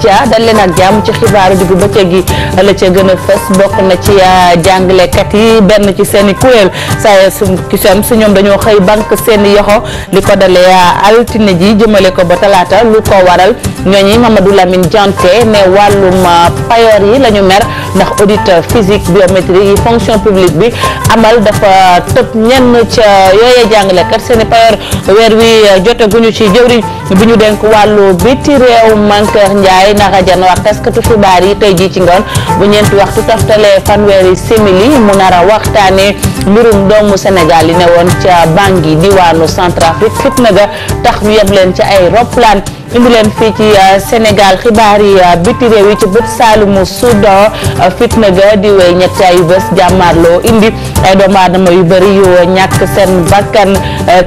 Dia dal leen ak jàmm ci xibaaru diggu bëccëg gi la ca gën a fës bokk na ci ah, jàngalekat yi benn ci seen i kuréel saa su kisam ñoom dañoo xëy banque seen yoxo li ko dalee ah, altine ji jëmale ko ba talaata lu ko waral ñooñi Mamadou Lamine Dianté ne wàllum ah, payoor yi la ñu mer ndax audit physique biométrie yi fonction publique bi amal dafa tëb ñenn ca yooyee jàngalekat seen i payoor weer wi jote guñu ci jëwriñ bi ñu denk wàllu biti réew Mankeur Ndiaye Zeyna Radiane wax taskatu xibaar yi tey jii ci ngoon bu ñeenti waxtu toftalee fanweeri simili mu nar a waxtaanee mbirum doomu senegal yi ne woon ca Bangui diwaanu Centrafrique fitna ga tax ñu yeb leen ci ay roplaan indi leen fii ci euh, Sénégal xibaar yi euh, biti réew yi ci bët Saalumu Soudan euh, fitna ga di wéy ñetti ay bés jàmmaarloo indi ay doomu aadama yu bari yu ñàkk seen bakkan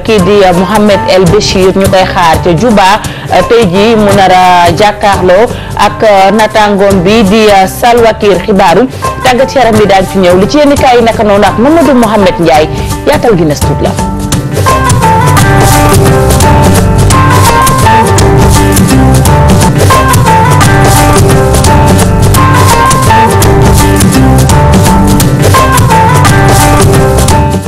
kii di Mohamed El Béchir ñu koy xaar ca Juba tey ji mu nar a jàkkaarloo ak natangoom bi di Salwa Kiir xibaaru tàggat yaram bi daan ci ñëw li ci yenn kaay yi naka noonu ak Mamadou Mohamed Ndiaye yaatal gi na studio la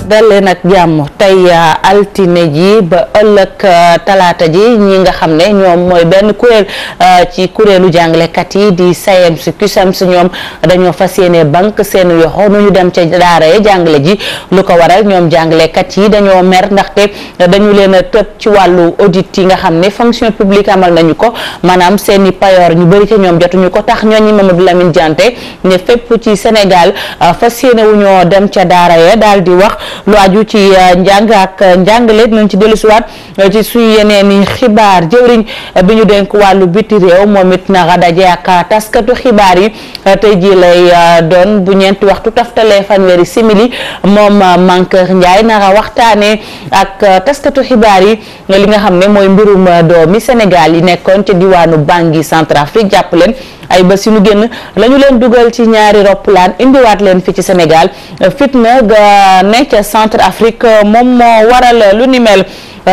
dal nag ak jàmm tey uh, altine ji ba ëllëg uh, talaata ji ñi nga xam ne ñoom mooy benn kuréel uh, ci kuréelu jàngalekat yi di SAEMS CUSEMS ñoom dañoo fas yéene banque seen yoxo nu ñu dem ca daara ya jàngale ji lu ko waral ñoom jàngalekat yi dañoo mer ndaxte dañu leen a ci wàllu audit yi nga xam ne fonction publique amal nañu ko maanaam seeni payoor ñu bëri ca ñoom jotuñu ko tax ñooñu du Lamine Diante ne fépp ci Sénégal fas yéene ñoo dem ca daara ya daal di wax lu aju ci euh, njàng ak euh, njàngale dinañ ci dellusiwaat euh, ci suñu yeneen i xibaar jëwriñ bi ñu denk wàllu biti réew moom it nara daje ak taskatu xibaar yi tey jii lay doon bu ñeenti waxtu taftalee fanweeri simili moom Mankeur Ndiaye nara waxtaanee ak taskatu xibaar yi li nga xam ne mooy mbirum doomi Sénégal yi nekkoon ci diwaanu Bangui Centrafrique jàpp leen ay bés yu nu génn lañu leen dugal ci ñaari roppalaan indiwaat leen fi ci Sénégal fitna ga ne centre Afrique moom moo waral lu ni mel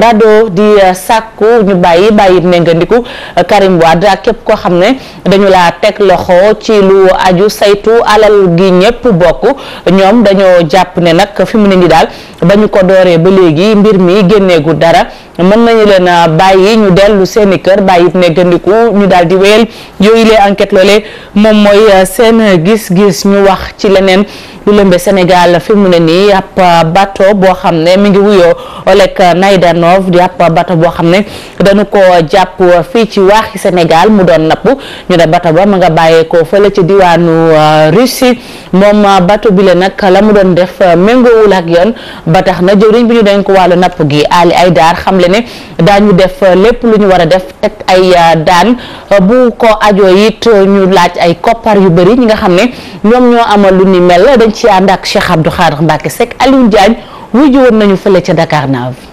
rado di eh, sàkku ñu bàyyi bàyyi méngandiku eh, Karim Wade ak képp koo xam ne dañu laa teg loxo ci lu aju saytu alal gi ñëpp bokk ñoom dañoo jàpp ne nag fi mu ne nii daal ba ñu ko dooree ba léegi mbir mi génneegu dara mën nañu leen bàyyi ñu dellu seeni kër bàyyi méngandiku ñu daal di wéyal yooyu lee enquête loolee moom mooy eh, seen gis-gis ñu wax ci leneen lu lëmbe Sénégal fi mu ne nii ab bateau boo xam ne mi ngi wuyoo Oleg Naïdane Antonov di ab bato boo xam ne dañu ko jàpp fii ci waaxi senegal mu doon napp ñu ne bato ba ma nga bàyyeekoo fële ci diwaanu euh, Russie moom euh, bato bi la nag la mu doon def euh, méngoowul ak yoon ba tax na jëwriñ bi ñu denk wàllu napp gi Ali Aydar xam le ne daañu def lépp lu ñu war a def ay daan bu ko ajoo it ñu laaj ay koppar yu bëri ñi nga xam ne ñoom ñoo amal lu ni mel dañ ci ànd ak Cheikh Abdou Khadre Mbacke Seck Aliou Diagne wuy ji nañu fële ca Dakar Nave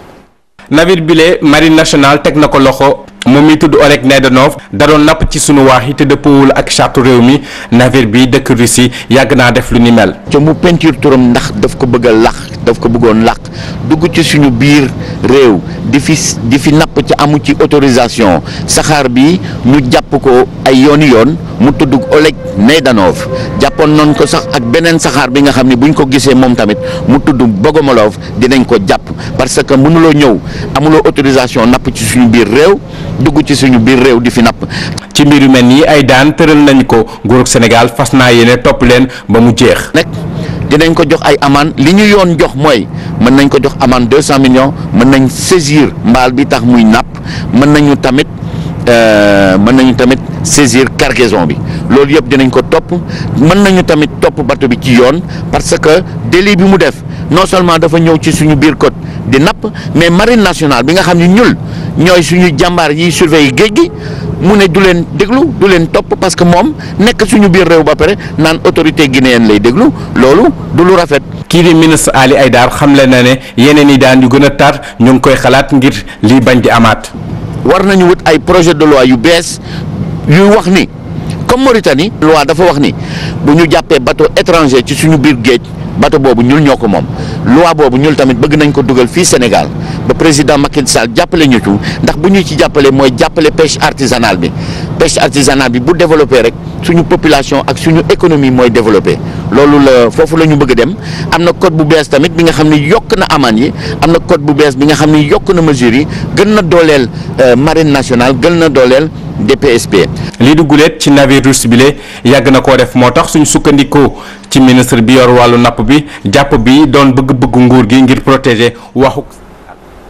navire bile marine nationale teg na ko loxo moom mi tudd Oleg Nedenov da doon napp ci suñu waax yi te dëppoowul ak charte réew mi navire bi dëkk Russie yàgg naa def lu ni mel. ca mu peinture turam ndax daf ko bëgg a làq daf ko bëggoon làkk dugg ci suñu biir réew di fi di fi napp ci amu ci autorisation saxaar bi ñu jàpp ko ay yooni yoon mu tudd Oleg Nedenov jàppoon noonu ko sax ak beneen saxaar bi nga xam ne buñ ko gisee moom tamit mu tudd Bogomolov dinañ ko jàpp parce que mënuloo ñëw amuloo autorisation napp ci suñu biir réew. dugg ci suñu biir réew di fi napp. ci mbir yu mel nii ay daan tëral nañ ko nguurug Sénégal fas naa yéene topp leen ba mu jeex. nekk dinañ ko jox ay amende li ñu yoon jox mooy mën nañ ko jox amende deux cent millions mën nañ saisir mbaal bi tax muy napp mën nañu tamit. Euh, mën nañu tamit saisir cargaison bi loolu yëpp dinañ ko topp mën nañu tamit topp bato bi ci yoon parce que délit bi mu def non seulement dafa ñëw ci suñu biir côte di napp mais marine nationale bi nga xam ni ñul ñooy suñu jàmbaar yiy surveiller géej gi mu ne du leen déglu du leen topp parce que moom nekk suñu biir réew ba pare naan autorité guinéenne lay déglu loolu du lu rafet. kii di ministre Ali Aïdar xamle na ne yeneen yi daan yu gën a tar ñu ngi koy xalaat ngir lii bañ di amaat. war nañu wut ay projet de loi yu bees yuy wax ni comme Mauritanie. loi dafa wax ni bu ñu jàppee bateau étranger ci suñu biir géej. bato boobu ñul ñoo ko moom loi boobu ñul tamit bëgg nañ ko dugal fii Sénégal ba président Macky Sall jàppale ñu ci ndax bu ñu ci jàppale mooy jàppale pêche artisanale bi pêche artisanale bi bu développé rek suñu population ak suñu économie mooy développé loolu la foofu la ñu bëgg dem am na code bu bees tamit bi nga xam ne yokk na amaan yi am na code bu bees bi nga xam ne yokk na mesures yi gën na dooleel euh, marine nationale gën na dooleel DPSP. lii di guléet ci navire russe bi yàgg na koo def moo tax suñ sukkandiku ci ministre bi yor wàllu napp bi jàpp bi doon bëgg-bëgg nguur gi ngir protéger waxu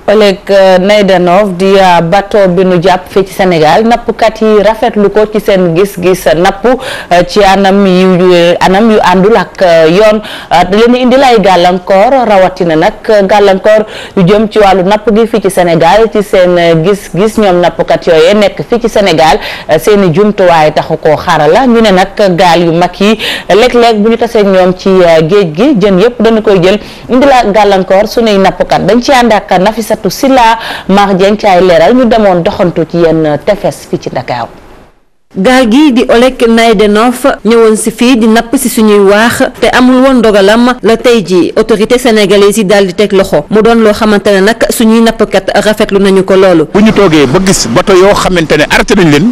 Oleg euh, Naidanov di euh, bateau bi nu jàpp fii ci senegal nappkat yi rafet rafetlu ko ci seen gis-gis napp euh, ci anam yu anam yu àndul ak yoon da leen indil ay gàllankoor rawatina nag gàllankoor yu jëm ci wàllu napp gi fii ci Sénégal ci seen gis-gis ñoom nappkat yooyee nekk fii ci Sénégal seen i jumtuwaay taxu koo xarala ñu ne nag gaal yu mag yi léeg-léeg bu ñu tasee ñoom ci géej gi jën yëpp dañu koy jël indil gàllankoor suñuy nappkat dañ ci ànd ak Nafisat Aïssatou Silla Mar Dieng ci ay leeral ñu demoon doxantu ci yenn tefes fii ci Ndakaaru gaal gi di Oleg Naydenov ñëwoon si fii di napp si suñuy waax te amul woon dogalam la tey ji autorité sénégalaise yi daal di teg loxo mu doon loo xamante ne nag suñuy nappkat rafetlu nañu ko loolu. bu ñu toogee ba gis bato yoo xamante ne arrêté nañ leen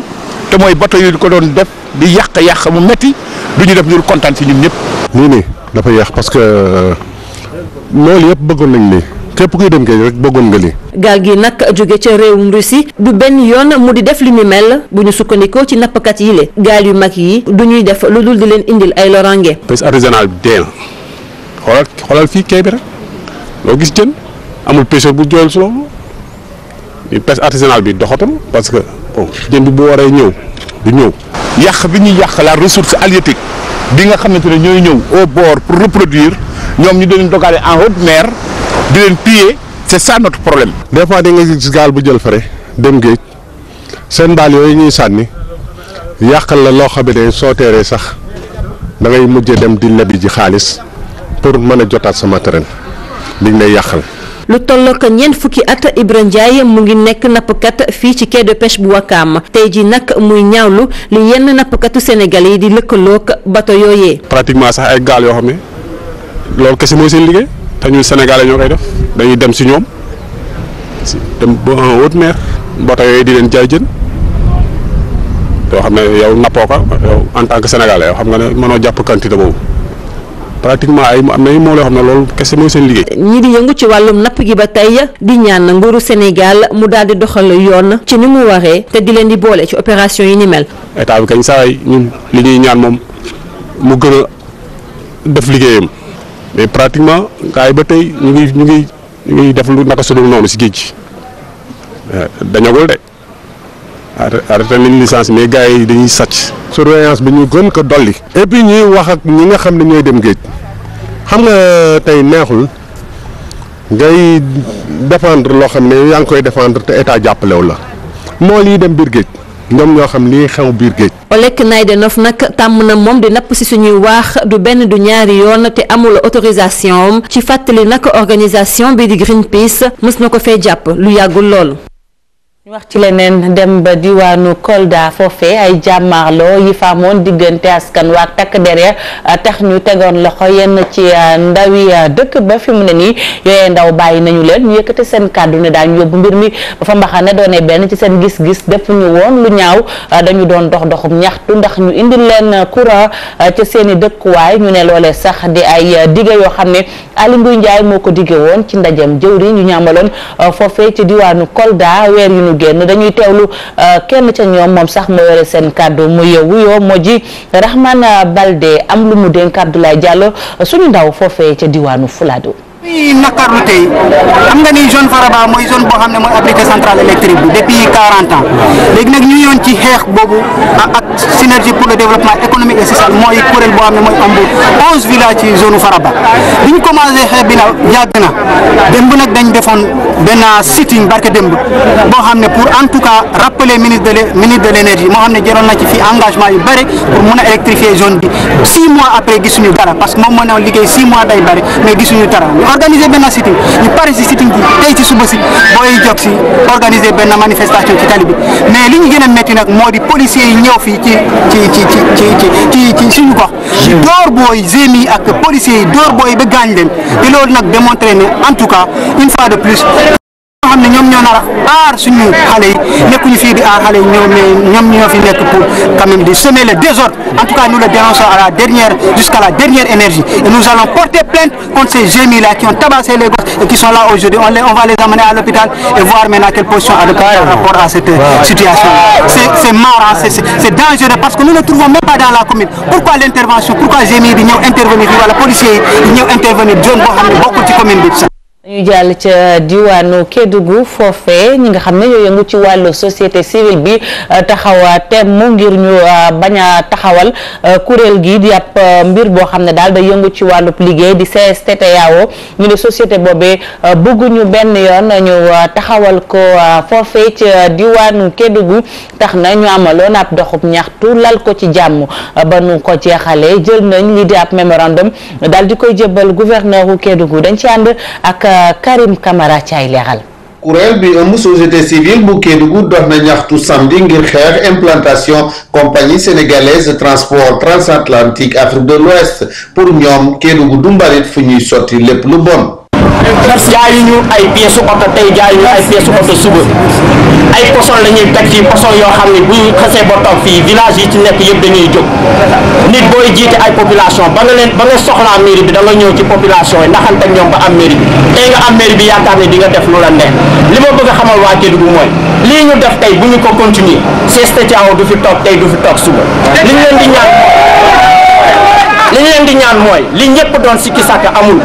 te mooy bato yu ko doon def di yàq yàq mu metti du ñu def ñu kontaan si ñun ñëpp. lii nii dafa yàq parce que euh, loolu yëpp bëggoon nañ képp kuy dem géej rek bëggoon nga lii. gaal gi nag jóge ca réewum Russie du benn yoon mu di def li mu mel bu ñu sukkandikoo ci nappkat yi le gaal yu mag yi du ñuy def lu dul di leen indil ay lorange. pêche artisanale bi dee na xoolal xoolal fii kay bi rek loo gis jën amul pêcheur bu jooyal si loolu li pêche artisanale bi doxatam parce que bon jën bi bu waree ñëw du ñëw. yàq bi ñuy yàq la ressource halieutique bi nga xamante ne ñooy ñëw au bord pour reproduire ñoom ñu doon dogaale en haute mer. di leen piller c'est ça problème. des fois di nga gis gaal bu jël fare dem géej seen mbaal yooyu ñuy sànni yàqal la loo xam ne soo teeree sax da ngay mujjee dem di lebi ji xaalis pour mën a jotaat sa matériel liñ lay yàqal. lu tollook ñeent fukki at Ibra Ndiaye mu ngi nekk nappkat fii ci quai de pêche bu Wakaam tey ji nag muy ñaawlu li yenn nappkatu Sénégal yi di lëkkaloog bato yooyee. pratiquement sax ay gaal yoo xam ne loolu kese mooy seen liggéey. te ñun sénégalais ñoo koy def dañuy dem si ñoom dem ba en haute mer mboota yooyu di leen jaay jën yoo xam ne yow nappoo ko en tant que sénégalais xam nga ne mënoo jàpp quantité boobu pratiquement ay mu am na moo loo xam ne loolu kese mooy seen liggéey. ñi di yëngu ci wàllum napp gi ba tey di ñaan nguuru Sénégal mu daal di doxal yoon ci ni mu waree te di leen di boole ci opération yi ni mel. état bi kañ saa ñun li ñuy ñaan moom mu gën a def liggéeyam. mais pratiquement gars yi ba tey ñu ngi ñu ngi ñu def lu naka sudul noonu si géej gi euh, dañagul de arrêté nañ licence mais gars yi dañuy sàcc. surveillance bi ñu gën ko dolli. et puis ñuy wax ak ñi nga xam ne ñooy dem géej xam nga euh, tey neexul ngay défendre loo xam ne yaa ngi koy défendre te état jàppalew la moo yi dem biir géej ñoom ñoo xam lii xew biir géej. Oleg Naidenov nag tàmm na moom di napp si suñuy waax du benn du ñaari yoon te amula autorisation ci fàttali nag organisation bi di Greenpeace mës na ko fee jàpp lu yàggul lool. ñu wax ci leneen dem ba diwaanu Kolda foofe ay jàmmaarloo yi faamoon diggante askan waa takk der uh, tax ñu tegoon loxo yenn ci uh, ndawi uh, dëkk ba fi mu ne nii yooyee ndaw bàyyi nañu leen ñu yëkkate seen kàddu ne daañu yóbbu mbir mi fa fa ne doone benn ci seen gis-gis def ñu woon lu ñaaw dañu doon dox doxum ñaxtu ndax ñu indi leen courant ca seeni dëkkuwaay ñu ne loole sax di ay dige yoo xam ne Aly Ngouille Ndiaye moo ko dige woon ci ndajem jëwri ñu génn dañuy teewlu euh, kenn ca ñoom moom sax moo yore seen kàddu mu yowu yoo moo ji Rahman Balde am lu mu dénk Abdoulaye jàll suñu ndaw foofee ca diwaanu Fuladu muy naqarlu tey xam nga ni zone Faraba mooy zone boo xam ne mooy abrité centrale électrique bi depuis 40 ans léegi nag ñu yoon ci xeex boobu ak synergie pour le développement économique et social mooy kuréel boo xam ne mooy ëmb 11 villages ci zone Faraba bi ñu commencé bi nag yàgg na démb nag dañ defoon benn sitting barke démb boo xam ne pour en tout cas rappeler ministre de ministre moo xam ne jëloon na ci fii engagement yu bëri pour mun a électrifier zone bi 6 mois que moom moo ne woon liggéey 6 mois day bëri mais organiser benn sitting ñu pare si sitting bi tey ci suba si booy jóg si organiser benn manifestation ci tali mais li ñu gën a métti nag moo di policiers yi ñëw fii ci ci ci ci ci ci ci suñu gox door booy gémi ak policiers yi door booy ba gaañ leen te loolu nag démontré ne en tout cas une fois de plus ñoo xam ne ñoom ñoo nar a aar suñu xale yi nekkuñu fii di aar xale yi ñoom ñoom fi nekk pour quand même de le désordre en tout cas nous le dénonçons à la dernière jusqu'à la dernière énergie et nous allons porter plainte contre ces génies là qui ont tabassé les gosses et qui sont là aujourd'hui on va les amener à l'hôpital et voir maintenant quelle position adopter par rapport à cette situation c'est c'est c'est c'est parce que nous ne trouvons même pas dans ñu jàll ca diwaanu Kédougou foofee ñi nga xam ne ñoo yëngu ci wàllu société civile bi euh, taxawa temm ngir ñu euh, bañ a taxawal euh, kuréel gi di ab mbir boo xam ne daal da yëngu ci wàllub liggéey di CSTTAO ñu ne société boobee bëgguñu benn yoon ñu taxawal ko foofee ca diwaanu Kédougou tax na ñu amaloon ab doxub ñaxtu lal ko ci jàmm ba nu ko jeexalee jël nañ li di ab mémorandum daal di koy jébbal gouverneur u dañ ci ànd ak Karim Kamara ci ay leeral. kuréel bi ëmb société civile bu Kédougou dox na ñaxtu samedi ngir xeex implantation compagnie sénégalaise transport transatlantique Afrique de l'Ouest pour ñoom Kédougou du mbalit fu ñuy sotti lépp lu bon. jaayuñu ay pièces su oto tey jaayuñu ay pièces oto suba ay poson la ñuy teg fii poson yoo xam ne bu ñu xasee ba toog fii village yi ci nekk yëpp dañuy jóg nit booy jiite ay population ba nga leen ba nga soxlaa mairie bi da nga ñëw ci population yi naxante ak ñoom ba am mairie bi tey nga am mairie bi yaakaar ne di nga def lu la neex li ma bëgg a xamal waa Kédougou mooy lii ñu def tey bu ñu ko continuer CSTAO du fi toog tey du fi toog suba li ñu li leen di ñaan mooy li ñëpp doon siki sàkk amul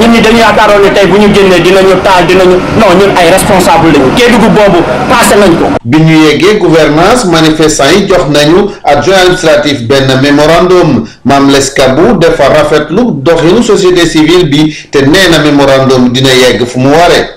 ñun ñi dañu yaakaaroon ne tey bu ñu génnee dinañu taal dinañu non ñun ay responsable lañu Kédougou boobu passé nañ ko. bi ñu yeggee gouvernance manifestant yi jox nañu adjoint administratif benn mémorandum Mame Less Kabou dafa rafetlu doxinu société civile bi te nee na mémorandum dina yegg fu mu waree.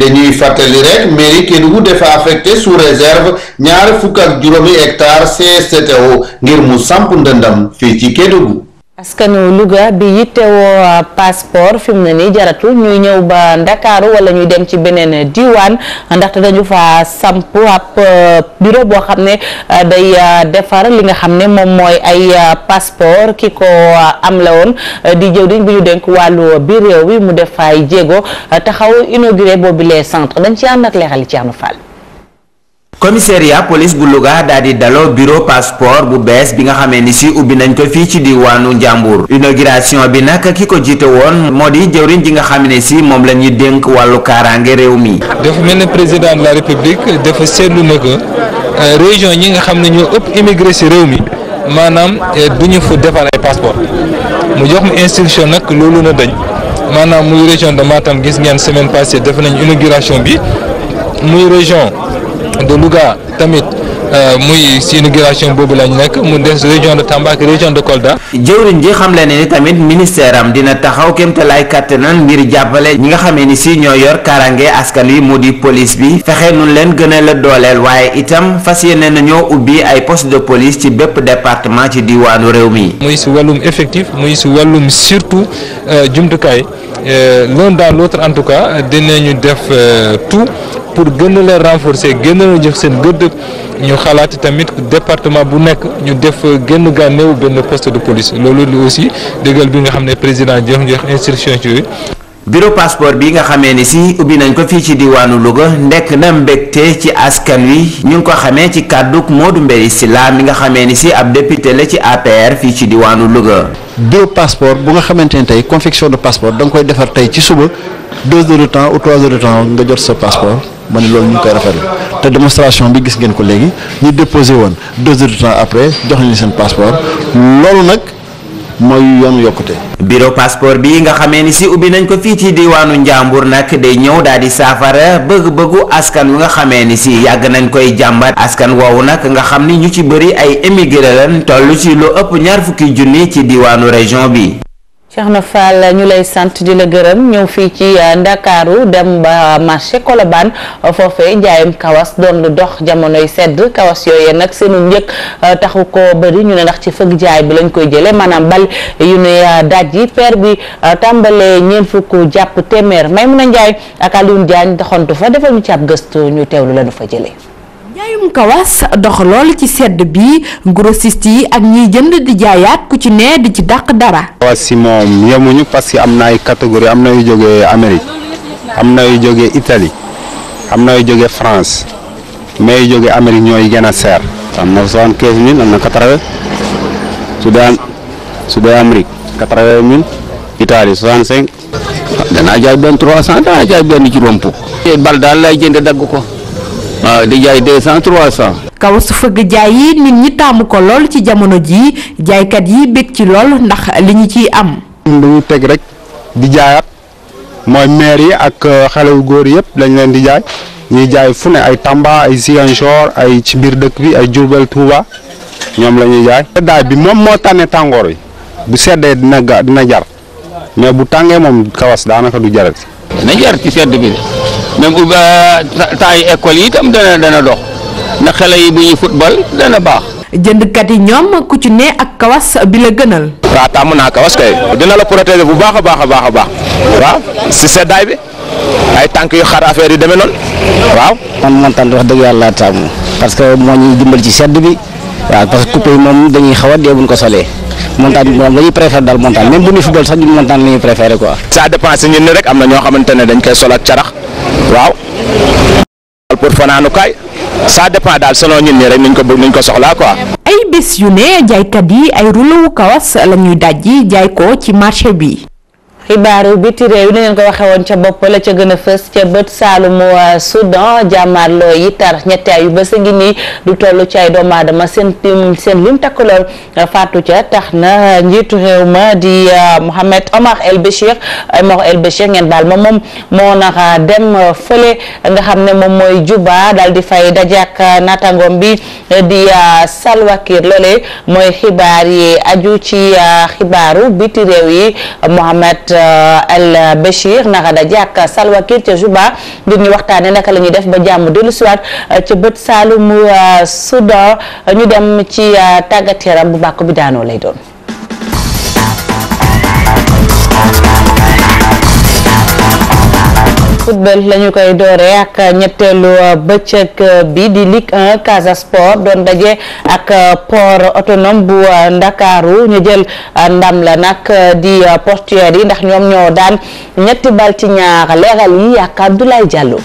dañuy fàttali rek mairie Kédougou dafa affecté sous réserve ñaar fukk ak juróomi hectare CSTO ngir mu sampu ndëndam fii ci askanu Louga bi yittewoo uh, passeport fi mu ne nii jaratul ñuy ñëw ba ndakaaru wala ñuy dem ci beneen diwaan ndaxte dañu fa samp ab uh, bureau boo xam ne uh, day defar li nga xam ne moom mooy ay passeport ki ko am la woon di jëwriñ bi ñu denk wàllu bi réew wi mu def ay jéego taxaw inauguré boobu les centres dañ ci ànd ak leexal leexali Thierno Fall commissariat police bu Louga daal di daloo bureau passeport bu bees bi nga xamee ni si ubbi nañ ko fii ci diwaanu Njàmbur inauguration bi nag ki ko jiite woon moo di jëwriñ ji nga xam ne si moom la ñuy dénk wàllu kaaraange réew mi. dafa mel ne président de la république dafa seetlu na ko euh, région ñi nga xam ne ñoo ëpp immigré si réew mi maanaam euh, du ñu fa defar ay passeport mu jox mu instruction nag loolu na dañ maanaam muy région de Matam gis ngeen semaine passée def nañ inauguration bi muy région. de Louga tamit euh, muy si inauguration boobu lañ nekk mu des région de Tamba ak région de Kolda. jëwriñ ji xam le ni tamit ministère am dina taxaw kéemtalaay kàttanam ngir jàppale ñi nga xamee ni si ñoo yor kaaraange askan wi mu di police bi fexe nun leen gën la dooleel waaye itam fas yéene ñoo ubbi ay poste de police ci bépp département ci diwaanu réew mi. muy si wàllum effectif muy si wàllum surtout euh, jumtukaay euh, l'un dans l'autre en tout cas dinañu def tout. pour gën a leen renforcer gën a leen jox seen gëdd ñu xalaat tamit département bu nekk ñu def gën gànneew benn poste de police loolu aussi dëggal bi nga xam ne président jox jox instruction ci yooyu. bureau passeport bi nga xamee ni si ubbi nañ ko fii ci diwaanu Louga ndekk na mbégte ci askan wi ñu ngi ko xamee ci kàdduk Modou Mbéry Sylla mi nga xamee ni si ab député la ci APR fii ci diwaanu Louga. bureau passeport bu nga xamante ne tey confection de passeport da nga koy defar tey ci suba deux heures de temps ou trois heures temps nga jot sa passeport ma ne loolu ñu ngi koy rafetlu te démonstration bi gis ngeen ko léegi ñu déposé woon deux heures de temps après jox leen seen passeport loolu nag. mooy yoonu yokkute. bureau passeport bi nga xamee ni si ubbi nañ ko fii ci diwaanu Njàmbur nag day ñëw daal di saafara bëgg-bëggu askan wi nga xamee ni si yàgg nañ koy jàmbat askan woowu nag nga xam ni ñu ci bëri ay émigré lan toll ci lu ëpp ñaar fukki junni ci diwaanu région bi. Cheikhna Fall ñu lay sant di la gërëm ñëw fii ci euh, Ndakaaru dem ba marché Colobane foofee njaayum kawas doon lu dox jamonoy sedd kawas yooyee nag seenu njëkk euh, taxu ko bëri ñu ne ndax ci fëgg jaay bi lañ koy jëlee maanaam bal yu ne euh, daj yi paire bi tàmbalee ñeent fukk jàpp téeméer Maymuna Njaay ak Alioune Diagne doxantu fa defal ñu ci ab gëstu ñu teewlu la nu fa jëlee. njaayum kawas dox lool ci sedd bi grossiste yi ak ñiy jënd di jaayaat ku ci ne di ci dàq dara. kawas si moom yemuñu parce que am na ay catégorie am na yu jógee Amérique am na yu jógee Italie am na yu jógee France mais yu jógee Amérique ñooy gën a seer. am na soixante-quinze mille am na quatre-vingt su dee su dee Amérique quatre-vingt mille Italie soixante-cinq. Ah, danaa jaay benn trois cent danaa jaay benn juróom fukk. bal daal lay jënd dagg ko. waaw ah, di jaay deux cent trois cent. kawas fëgg jaay yi nit ñi taamu ko lool ci jamono jii jaaykat yi bég ci lool ndax li ñu ciy am. ñun dañuy teg rek di jaayaat mooy maire yi ak euh, xale wu góor yëpp lañ leen di jaay ñuy jaay fu ne ay Tamba ay Ziguinchor ay ci biir dëkk bi ay Diourbel Touba ñoom la ñuy jaay. seddaay bi moom moo tànnee tàngoor bi bu seddee dina ga dina jar mais bu tàngee moom kawas daanaka du jarat. dina jar ci sedd bi. même ubbi taayu école yi itam dana dana dox na xale yi bu ñuy football dana baax. jëndkat yi ñoom ku ci ne ak kawas bi la gënal. waaw tàmm naa kawas kay. dina la protéger bu baax baax a baax a baax waaw si seddaay bi ay tànk yu xar affaire yi demee noonu waaw. man montant wax dëgg yàlla dañuy xaw a moom dañuy préféré daal bu ñuy football sax ñun montagne la ñuy préféré quoi. ça dépend si ñun rek am na ñoo xamante ne dañ koy sol ak waaw pour fanaanukaay ça dépend daal selon ñun nii rek nuñ ko bëgg nuñ ko soxlaa quoi. ay bés yu ne jaaykat yi ay rouleau kawas la ñuy jaay ko ci marché bi. xibaaru biti réew ni ngeen ko waxee ca bopp ca gën a fës ca bët saalumu Soudan jàmmaarloo yi tar ñetti ay yu bës a ngi nii du toll ci ay doomu aadama seen seen lim takk lool faatu ca tax na njiitu réew ma di euh, Mohamed Omar El Béchir Omar El Béchir ngeen baal ma moom moo nara dem fële nga xam ne moom mooy Juba daal di fay dajak naataangoom bi di euh, Salva Kiir mooy xibaar yi aju ci euh, xibaaru biti réew yi Mohamed. Euh, Al Bachir nara da jàkk Salwa Kiir ca Juba ngir ñu waxtaane naka la ñuy def ba jàmm dellu siwaat euh, ca bët mu euh, Soudan ñu dem ci tàggat yaram bu bàkk bi daanoo lay doon football koy dooree ak ñetteelu euh, bëccëg euh, bi di Ligue 1 Casa Sport doon daje ak euh, port autonome bu Ndakaaru ñu jël ndam la nag di portuaire yi ndax ñoom ñoo daan ñetti bal ci ñaar yi ak Abdoulaye Diallo.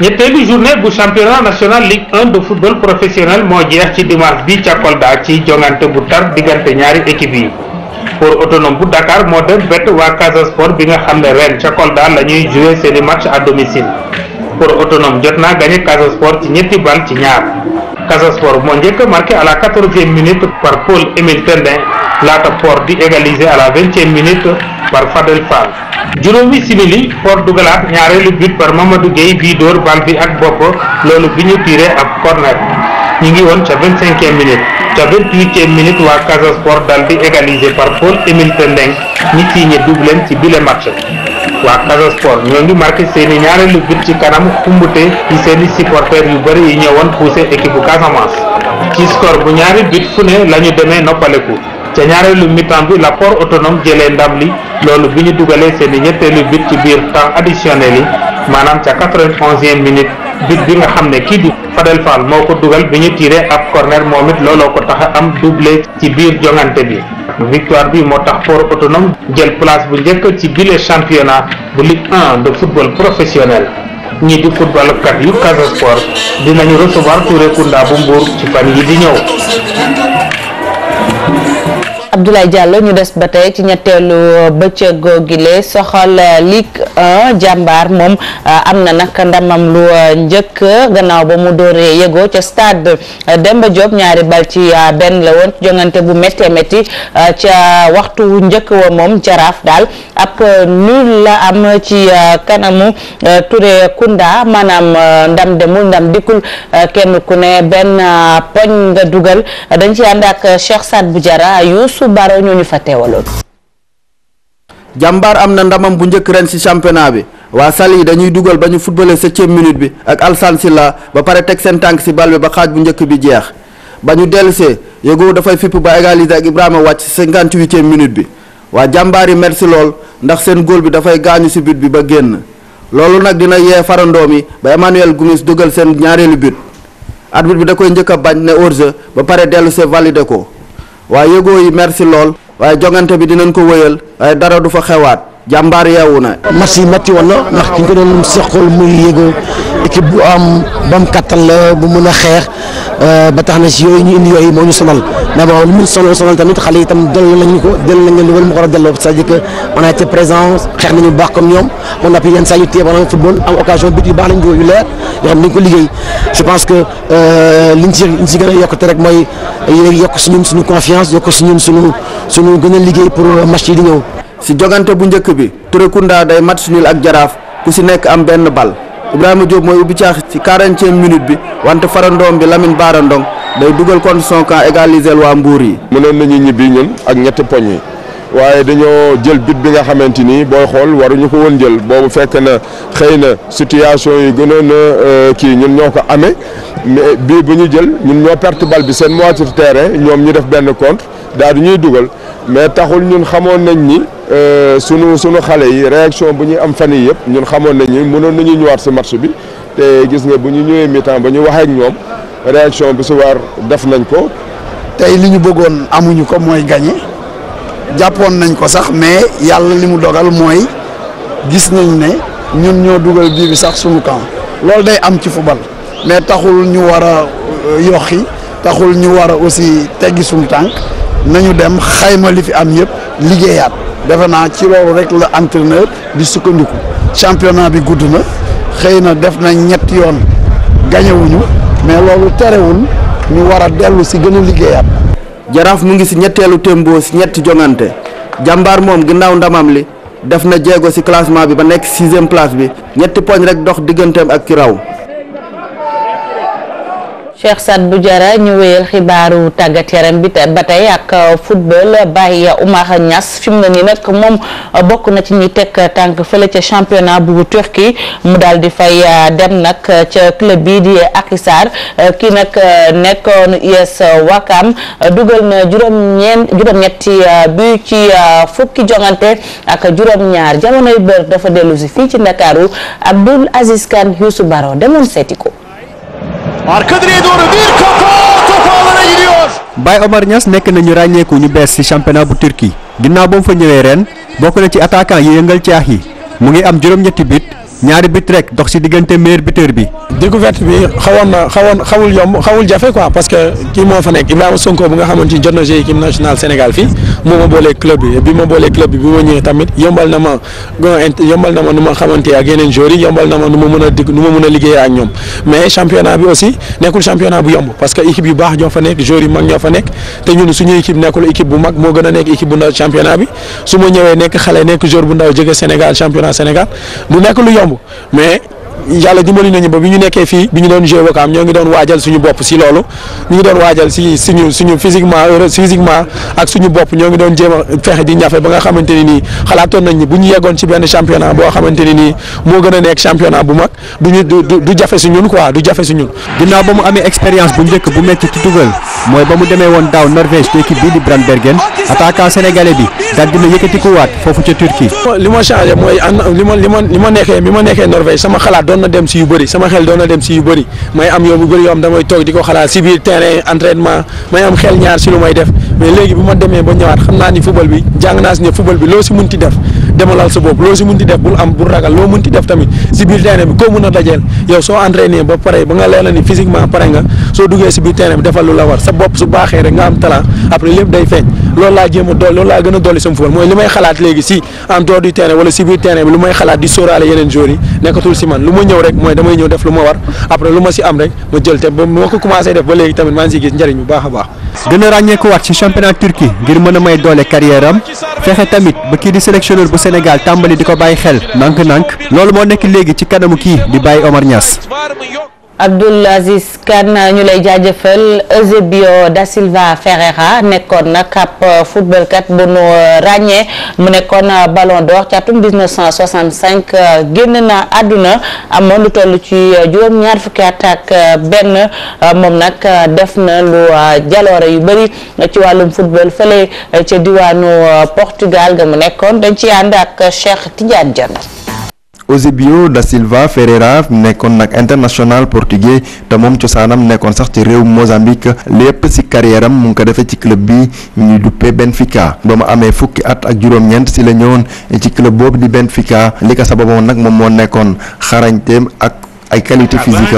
ñetteelu journée bu championnat national Ligue 1 de football professionnel moo jeex ci dimanche bi ca ci jongante bu tar diggante ñaari équipe yi. sport autonome bu Dakar moo dem bett waa Casa bi nga xam ne ren ca Kolda la ñuy jouer seeni match à domicile sport autonome jot naa gagné Casa Sport ci ñetti bal ci ñaar Casa moo njëkk marqué à la quatorzième minute par Paul-Émile Tendin laata Port di égaliser à la vingtième minute par Fadel Fall juróomi simili Port dugalaat ñaareelu but par Mamadou Gueye bii dóor bal bi ak bopp loolu bi ñu tiré ab corner ñu ngi woon ca vingt-cinquième minute ca 28e minute waa Casa Sport dal di égaliser par Paul Émile Tendeng ñi signé doublé ci bile match waa Casa Sport ñoo ngi marqué seeni ñaareelu but ci kanam xumbute ci seeni supporters yu bëri yi ñëwoon poussé équipe bu Casamance ci score bu ñaari but fu ne la ñu demee noppaleku ca ñaareelu mi-temps bi la Port Autonome jëlee ndam li loolu bi ñu dugalee seeni ñetteelu but ci biir temps additionnel yi maanaam ca 91e minute but bi nga xam ne kii di Fadel Fall moo ko dugal bi ñu tiré ab corner moom it looloo ko tax a am doublé ci biir jongante bi victoire bi moo tax Port Autonome jël place bu njëkk ci bile championnat bu Ligue 1 de football professionnel ñii di footballkat yu Casa ñu dinañu recevoir Touré Kunda bu Mbour ci fan yi di ñëw Abdoulaye jàll ñu des ba tey ci ñetteelu euh, bëccëg gile soxal euh, Ligue 1 jàmbaar moom euh, am na nag ndamam lu njëkk gannaaw ba mu dooree yegoo ca stade Demba Diop ñaari bal ci benn la woon jongante bu méttee métti ca waxtu njëkk wa moom jaraaf daal ab nul la am ci kanamu Touré Kunda maanaam ndam demul ndam dikkul kenn ku ne benn poñ nga dugal dañ ci ànd ak Cheikh Sadbou Diarra Youssou Youssou Baro ñoo ñu jàmbaar am na ndamam bu njëkk ren ci championnat bi waa sal yi dañuy dugal ba ñu footballé septième minute bi ak Alsan ba pare teg seen tànk ci bal bi ba xaaj bu njëkk bi jeex ba ñu dellusee Yeggo dafay fipp ba égaliser ak Ibrahima wàcc cinquante huitième minute bi waa jàmbaar yi merci lool ndax seen góol bi dafay gaañu ci but bi ba génn loolu nag dina yee farandoom yi ba Emmanuel Gomis dugal seen ñaareelu but arbitre bi da koy njëkk a bañ ne hors-jeu ba pare dellusee validé ko. waa yëgoo yi merci lool waaye jongante bi dinañ ko woyal waaye dara du fa xewaat jàmbaar yeewu na. match yi metti woon na ndax ki ñu ko doon soqal muy yëgoo. équipe bu am bam kattan bu mun a xeex euh, ba tax na si yooyu ñu indi yooyu moo ñu sonal mais bon li mu sonal sonal tamit xale yi itam delloo nañu ko delloo nañ leen lu wër mu a delloo c'est-à-dire que on a été présent xeex nañu bu baax comme ñoom on a pu yenn saa yu téye wala football am ko yu leer ne liggéey je pense que euh, liñ ci liñ ci gën a yokkute rek mooy yokk suñu suñu confiance yokk suñu suñu suñu gën a liggéey pour euh, match yi di ñëw. si jogante bu njëkk bi Touré Kunda day match nul ak jaraaf ku si nekk am benn bal Ibrahima Diop mooy ubbi caax ci quarantième minute bi wante farandoom bi Lamine Barandong day dugal contre son camp égaliser waa Mbour yi. mënoon nañu ñibbi ñun ak ñetti poñ yi waaye dañoo jël but bi nga xamante ni booy xool ñu ko woon jël boobu fekk na xëy na situation yi gënoon a euh, kii ñun ñoo ko amee mais bii bu ñu jël ñun ñoo perte bal bi seen moitié terrain ñoom ñu def benn contre daal di ñuy dugal mais taxul ñun xamoon nañ ni. Euh, sunu sunu xale yi réaction bu ñuy am fan yi yëpp ñun xamoon nañu mënoon nañu ñëwaat si match bi te gis nga bu ñu ñëwee mi ba ñu waxee ak ñoom réaction bi si war def nañ ko. tey li ñu bëggoon amuñu ko mooy gagné jàppoon nañ ko sax mais yàlla li mu dogal mooy gis nañ ne ñun ñoo dugal bii bi sax sunu camp loolu day am ci football mais taxul ñu war a euh, yoxi taxul ñu war a aussi teggi sunu tànk nañu dem xayma li fi am yëpp liggéeyaat. defe naa ci loolu rek la entraîneur di sukkandiku championnat bi gudd na xëy na def na ñetti yoon gañewuñu mais loolu terewul ñu war a dellu si gën a liggéeyaat. jaraaf mu ngi si ñetteelu témboo si ñetti jongante jàmbaar moom ginnaaw ndamam li def na jéego si classement bi ba nekk sixième place bi ñetti poñ rek dox digganteem ak ki raw. Cheikh bu Diarra ñu wéyal xibaaru tàggat yaram bi ba tey ak euh, football Baye Oumar Niass fi mu na nii nag moom euh, bokk na ci ñi tekk tànk fële ca championnat bu Turquie mu daal di fay euh, dem nag ca club bi di Akhisar kii nag nekkoon US Ouakam dugal na juróom-ñeent juróom-ñetti bu ci fukki jongante ak juróom-ñaar jamonoy bër dafa dellu si fii ci Ndakaaru Abdoul Aziz Kane Baro demoon seeti Arka direğe nekk nañu ràññeeku ñu bees ci championnat bu Turquie ginnaaw ba mu fa ñëwee ren bokk na ci attaquant yi yëngal caax yi mu ngi am juróom-ñetti but ñaari but rek dox si diggante meilleur buteur bi. découverte bi xawoon na xawoon xawul yomb xawul jafe quoi parce que kii moo fa nekk Ibrahima Sonko bu nga xamante ni na équipe nationale Sénégal fii moo ma boolee club bi bi ma na ma yombal na ma nu ma xamante ak yeneen joueurs yi yombal na ma nu a a liggéeyee ak ñoom mais championnat bi aussi nekkul championnat bu yomb parce que équipe mag ñoo fa nekk te ñun suñu équipe nekkul équipe bu mag moo gën a nekk équipe bu ndaw championnat bi su jege Sénégal championnat Sénégal du nekk lu yomb lamb mais yàlla dimbali nañu ba bi ñu nekkee fii bi ñu doon joué wakaam ñoo ngi doon waajal suñu bopp si loolu ñu ngi doon waajal suñu physiquement euh, physiquement ak suñu bopp ñoo ngi doon jéem a fexe di ñafe ba nga xamante ni nii xalaatoon nañ ni bu ñu yeggoon ci benn championnat boo xamante ni nii moo gën a nekk championnat bu mag duñu du jafe si ñun quoi du jafe si ñun ginnaaw ba mu amee expérience bu njëkk bu métti ci dugal mooy ba mu demee woon daaw Norvège ci équipe bii di Brandbergen attaquant sénégalais bi daal dina yëkkati ku waat foofu ma changé mooy li na dem si yu bëri sama xel doon dem si yu bëri may am yow bu bëri yoo am damay toog di ko xalaat si biir terrain entraînement may am xel ñaar si lu may def mais léegi bu ma demee ba ñëwaat xam naa ni football bi jàng naa si ne football bi loo si mun munti def demalal sa bopp loo si mënti def bul am bul ragal loo mënti def tamit si biir terrain bi koo mën a dajeel yow soo entraîné ba pare ba nga leela ni physiquement pare nga soo duggee si biir terrain bi defal lu la war sa bopp su baaxee rek nga am talent après lépp day feeñ loolu laa jéem a loolu laa gën a dolli sama football mooy li may xalaat léegi si en dehors du bi lu may xalaat di sóoraale yeneen joueurs nekkatul si man lu ma ñëw rek mooy Sénégal tàmbali di ko bàyyi xel nank-nank loolu moo nekk léegi ci kanamu kii di bàyyi Omar Abdoul Aziz Kane ñu lay jaajëfal Eusebio da Silva Ferreira nekkoon nag ab football kat bu nu euh, ràññee mu nekkoon euh, Ballon d'Or ci atum 1965 euh, génn na àdduna amoon lu toll ci juróom ñaar fukki at ak benn moom nag def na lu jaloore yu bëri ci wàllum football fële ca diwaanu Portugal ga mu nekkoon dañ ci ànd ak Cheikh Tidiane Diagne. Eusébio da Silva Ferreira nekkoon nag international portugais te moom cosaanam nekkoon sax ci réew Mozambique lépp si carrière am mu ngi ko defee ci club bi ñuy duppee Benfica ba ma amee fukki at ak juróom-ñeent si la ñëwoon ci club boobu di Benfica li ko sababoon nag moom moo nekkoon xarañteem ak. ay qualité ah, physique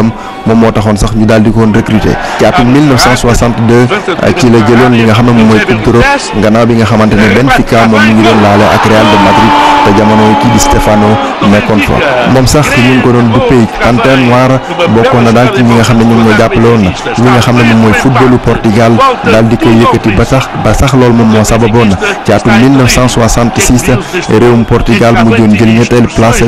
moom moo taxoon sax ñu daal di ko woon recruter ci atum 1962 ah, la jëloon li nga xam ne moom mooy coupe d'Europe gannaaw bi nga xamante ne Benfica moom mi ngi doon laale ak Real de Madrid te jamono kii di Stefano nekkoon moom sax ñu ngi ko doon duppee panthère noire bokkoon na daal ci ñi nga xam ne ñoom ñoo jàppale woon ñi nga xam ne mooy footballu Portugal daal di koy yëkkati ba sax lool moom moo sababoon ci atum 1966 réewum Portugal mujjoon jël ñetteelu place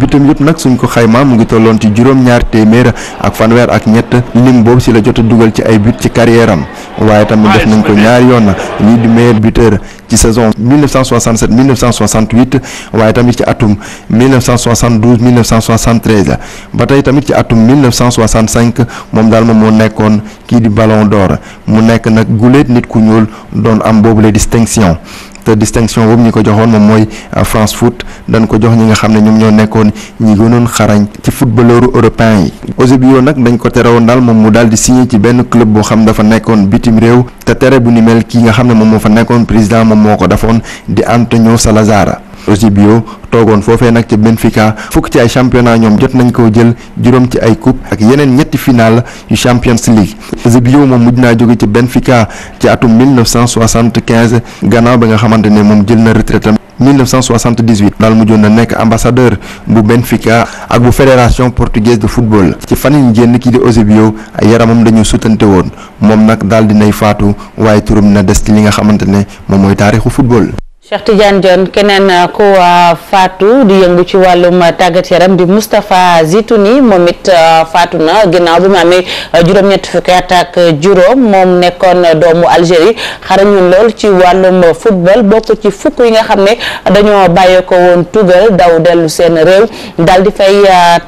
bitam yëpp nag suñ ko xayma mu ngi tolloon ci juróom ñaar téeméer ak fanweer ak ñett lim boobu si la jot dugal ci ay but ci carrière am waaye tamit def nañ ñaari yoon lii di meilleur buteur ci saison 1967 1968 waaye tamit ci atum 1972 1973 ba tey tamit ci atum 1965 moom daal ma moo nekkoon kii di ballon d'or mu nekk nag guleet nit ku ñuul doon am boobu la distinction te distinction boobu ñi ko joxoon moom mooy euh, France Foot dañ ko jox ñi nga xam ne ñoom ñoo nekkoon ñi gënoon xarañ ci footballeur européen yi Eusebio nag dañ ko terewoon daal moom mu daal di signé ci benn club boo xam dafa nekkoon bitim réew te tere bu ni mel kii nga xam ne moom moo fa nekkoon président moom moo ko defoon di Antonio Salazar Eusebio toogoon foofee nag ca Benfica fukk ci ay championnat ñoom jot nañ koo jël juróom ci ay coupe ak yeneen ñetti final yu Champions League Eusebio moom mujj naa jóge ci Benfica ci atum 1975 gannaaw ba nga xamante ne moom jël na retraite 1978 daal mujjoon na nekk ambassadeur bu Benfica ak bu fédération portugaise de football ci fan yi ñu génn kii di Eusebio ay yaramam dañu sutante woon moom nag daal dinay faatu waaye turam na des ci li nga xamante ne moom mooy taarixu football. Cheikh Tidiane Dione keneen euh, ku euh, faatu di yëngu ci wàllum euh, tàggat yaram di Moustapha Zitouni moom it faatu na ginnaaw bi mu amee juróom-ñett fukki at ak juróom moom nekkoon doomu Algérie xarañu lool ci wàllum football bokk ci fukk yi nga xam ne dañoo bàyyeekoo woon tugal daw dellu seen réew daal di fay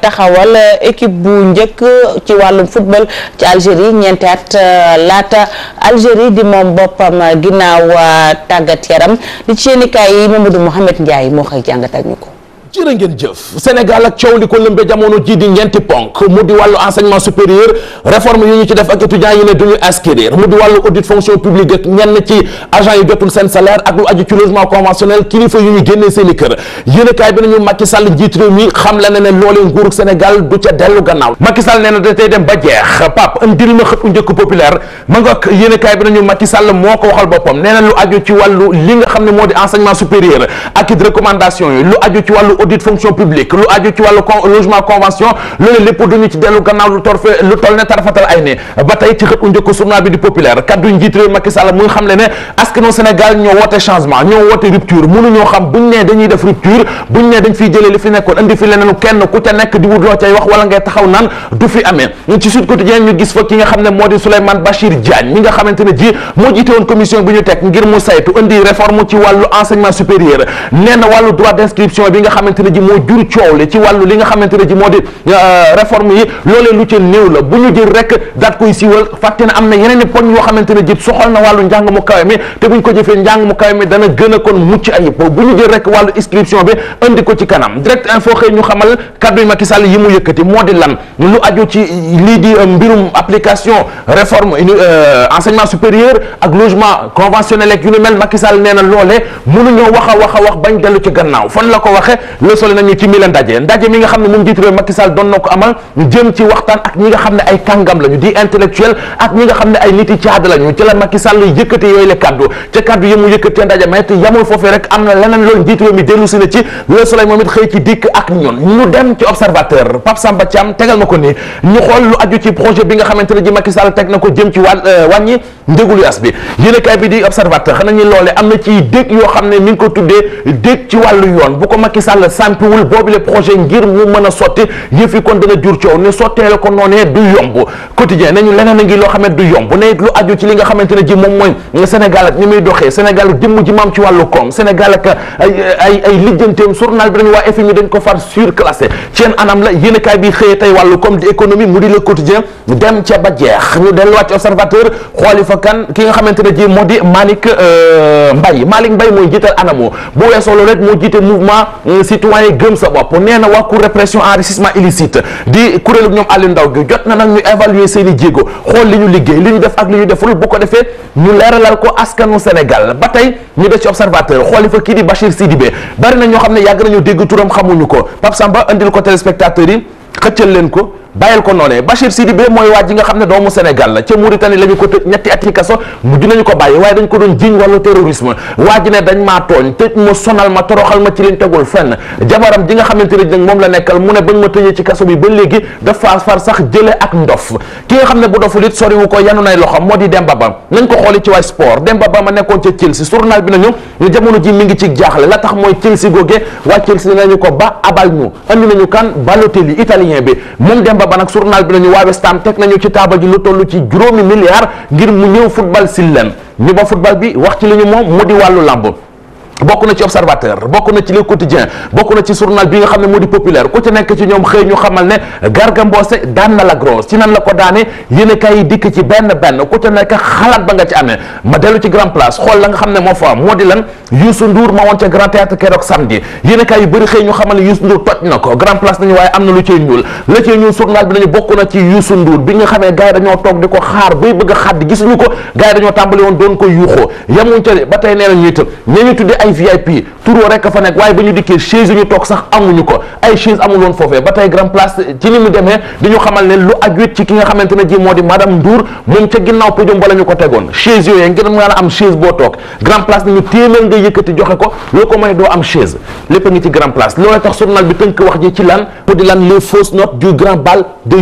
taxawal équipe bu njëkk ci wàllum football ci Algérie ñeenti at laata Algérie di moom boppam ginnaaw tàggat yaram yéenekaay yi Mamadou Mouhamed Ndiaye moo xëy jàngat ak ñu ko. jërë ngeen jëf Sénégal ak coow li ko jamono ji di ñeenti ponk mu di wàllu enseignement supérieur réforme yu ñu ci def ak étudiants yi ne duñu inscrire mu di wàllu audit fonction publique ak ñenn ci agent yu jotul seen salaire ak lu aju ci logement conventionnel kilifa yu ñu génnee seen i kër yéenekaay bi nañu Macky Sall njiit réew mi xam la ne ne loolee nguurug Sénégal du ca dellu gannaaw Macky Sall nee na da tey dem ba jeex Pape indil ma xët u njëkk populaire bi nañu Macky Sall moo ko waxal boppam li nga xam ne moo di enseignement supérieur ak it audit fonction publique lu aju ci wàllu logement convention loolu lépp duñu ci dellu gannaaw lu torfe lu toll ne tarafatal ay ne ba tey ci xët u njëkk journal bi di populaire kaddu njiit réew Macky Sall muy xam le ne askanu Sénégal ñoo woote changement ñoo woote rupture mënu ñoo xam buñ ne dañuy def rupture buñ ne dañ fiy jëlee li fi nekkoon indi fi leneen kenn ku ca nekk di wut loo cay wax wala ngay taxaw naan du fi amee ci Sud Quotidien ñu gis fa ki nga xam ne moo di Souleymane Bachir Diagne mi nga xamante ne ji moo jiite woon commission bi ñu teg ngir mu saytu indi réforme ci wàllu enseignement supérieur nee na wàllu droit d'inscription bi nga xam xamante ne ji moo jur coow wàllu li nga xamante ne ji moo di euh, réforme yi loolee lu la bu ñu jël rek daat koy siiwal am na yeneen i yoo xamante ne ji soxal na wàllu njàng mu kawe mi ko jëfee njàng mu kawe dana gën kon mucc ayib bu ñu rek wàllu inscription bi indi ko ci kanam direct info xëy ñu xamal kaddu yi Macky Sall yi mu yëkkati moo di lan lu aju ci lii di euh, mbirum application réforme euh, enseignement supérieur ak logement conventionnel ak yu ni mel Macky Sall nee na loolee mënuñoo wax a wax a wax bañ dellu ci gannaaw fan la ko waxee le sole nañu ci mi la ndaje ndaje mi nga xam ne moom jiitu réew Macky doon na ko amal jëm ci waxtaan ak ñi nga xam ne ay kàngam lañu di intellectuel ak ñi nga xam ne ay niti caada lañu ci la Macky Sall yëkkate yooyu la kaddu ca kaddu yi mu yëkkatee ndaje ma it yamul foofee rek am na leneen loolu jiitu mi dellu si na ci le soleil moom it xëy ci dikk ak ñun ñu dem ci observateur Pape Samba Thiam tegal ma ko nii ñu xool lu aju ci projet bi nga xamante ne na ko jëm ci wàn euh, wàññi ndégulu a kaay bi di observateur xanaa ñu am ne mi ngi ko tuddee dégg ci wàllu yoon bu ko Macky Sall yàlla sampiwul boobu le projet ngir mu mën a sotti yëf yi kon dana jur coow ne sotteele ko noonee du yomb quotidien nañu leneen a ngi loo xamante du yomb ne lu aju ci li nga xamante ji moom mooy Sénégal ak ni muy doxee Sénégal ak ji maam ci wàllu koom Sénégal ak ay lijjanteem journal bi dañu waa FMI dañ ko far surclassé seen anam la yéen bi xëyee tey wàllu koom di économie mu di le quotidien dem ca ba jeex ñu delluwaat ci observateur xooli fa citoyen gëm sa bopp nee na waa cour répression illicite di kuréelu ñoom Aliou Ndaw gi jot na nag ñu évaluer seen i jéego xool li ñu liggéey li ñu def ak li ñu deful bu ko defee ñu leeralal ko askanu Sénégal ba tey ñu def ci observateur xooli fa kii di Bachir Sidibé bari na ñoo xam ne yàgg nañu dégg turam xamuñu ko Pape Samba indil ko téléspectateurs yi xëccal leen ko bàyyil ko noonee Bachir Sidibé mooy waa ji nga xam ne doomu Sénégal la ca Mauritanie la ñu ko tëj ñetti ati kaso mujj nañu ko bàyyi waaye dañ ko doon jiiñ wàllu terrorisme waa ji ne dañ maa tooñ tëj ma sonal ma toroxal ma ci liñ nga xamante ne nag moom la nekkal mu ne bañ ma tëjee ci kaso bi ba léegi dafa far sax jële ak ndof ki nga xam ne bu doful it soriwu ko yanu nay loxo moo di Demba Ba nañ ko xooli ci waay sport Demba Ba ma nekkoon ca Chelsea journal bi mi ngi ci jaaxle la tax mooy Chelsea ba abal ñu andi nañu kan bi moom Demba Samba ba nag journal bi nañu waa West Ham teg ci taabal ji lu toll ci juróomi milliards ngir mu ñëw football si leen ñu ba football bi wax ci li ñu moom mu di wàllu làmb bokk na ci observateur bokk na ci le quotidien bokk na ci journal bi nga xam ne moo di populaire ku ci nekk ci ñoom xëy ñu xamal ne Garga daan na la grosse ci nan la ko daane yéen yi dikk ci benn benn ku ci nekk xalaat ba nga ci amee ma dellu ci grand place xool la nga xam ne moo fa moo di lan Youssou Ndour ma woon ca grand théâtre keroog samedi yéen yu bëri xëy ñu xamal ne Youssou Ndour toj na ko grand place nañu waaye am na lu cay ñuul la VIP turoo rek fa nekk waaye ba ñu dikkee chaise ñu toog sax amuñu ko ay chaise amul foofee ba tey grand place ci ni mu demee di xamal ne lu aju ci ki nga xamante ne ji moo di madame Ndour moom ca ginnaaw podium ba la ñu ko tegoon chaise yooyu ngir mën a am chaise boo toog grand place nañu téeméer nga yëkkati joxe ko loo ko may doo am chaise lépp a ngi ci grand place loolee tax journal bi tënk wax ji ci lan mu di lan les grand bal de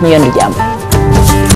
you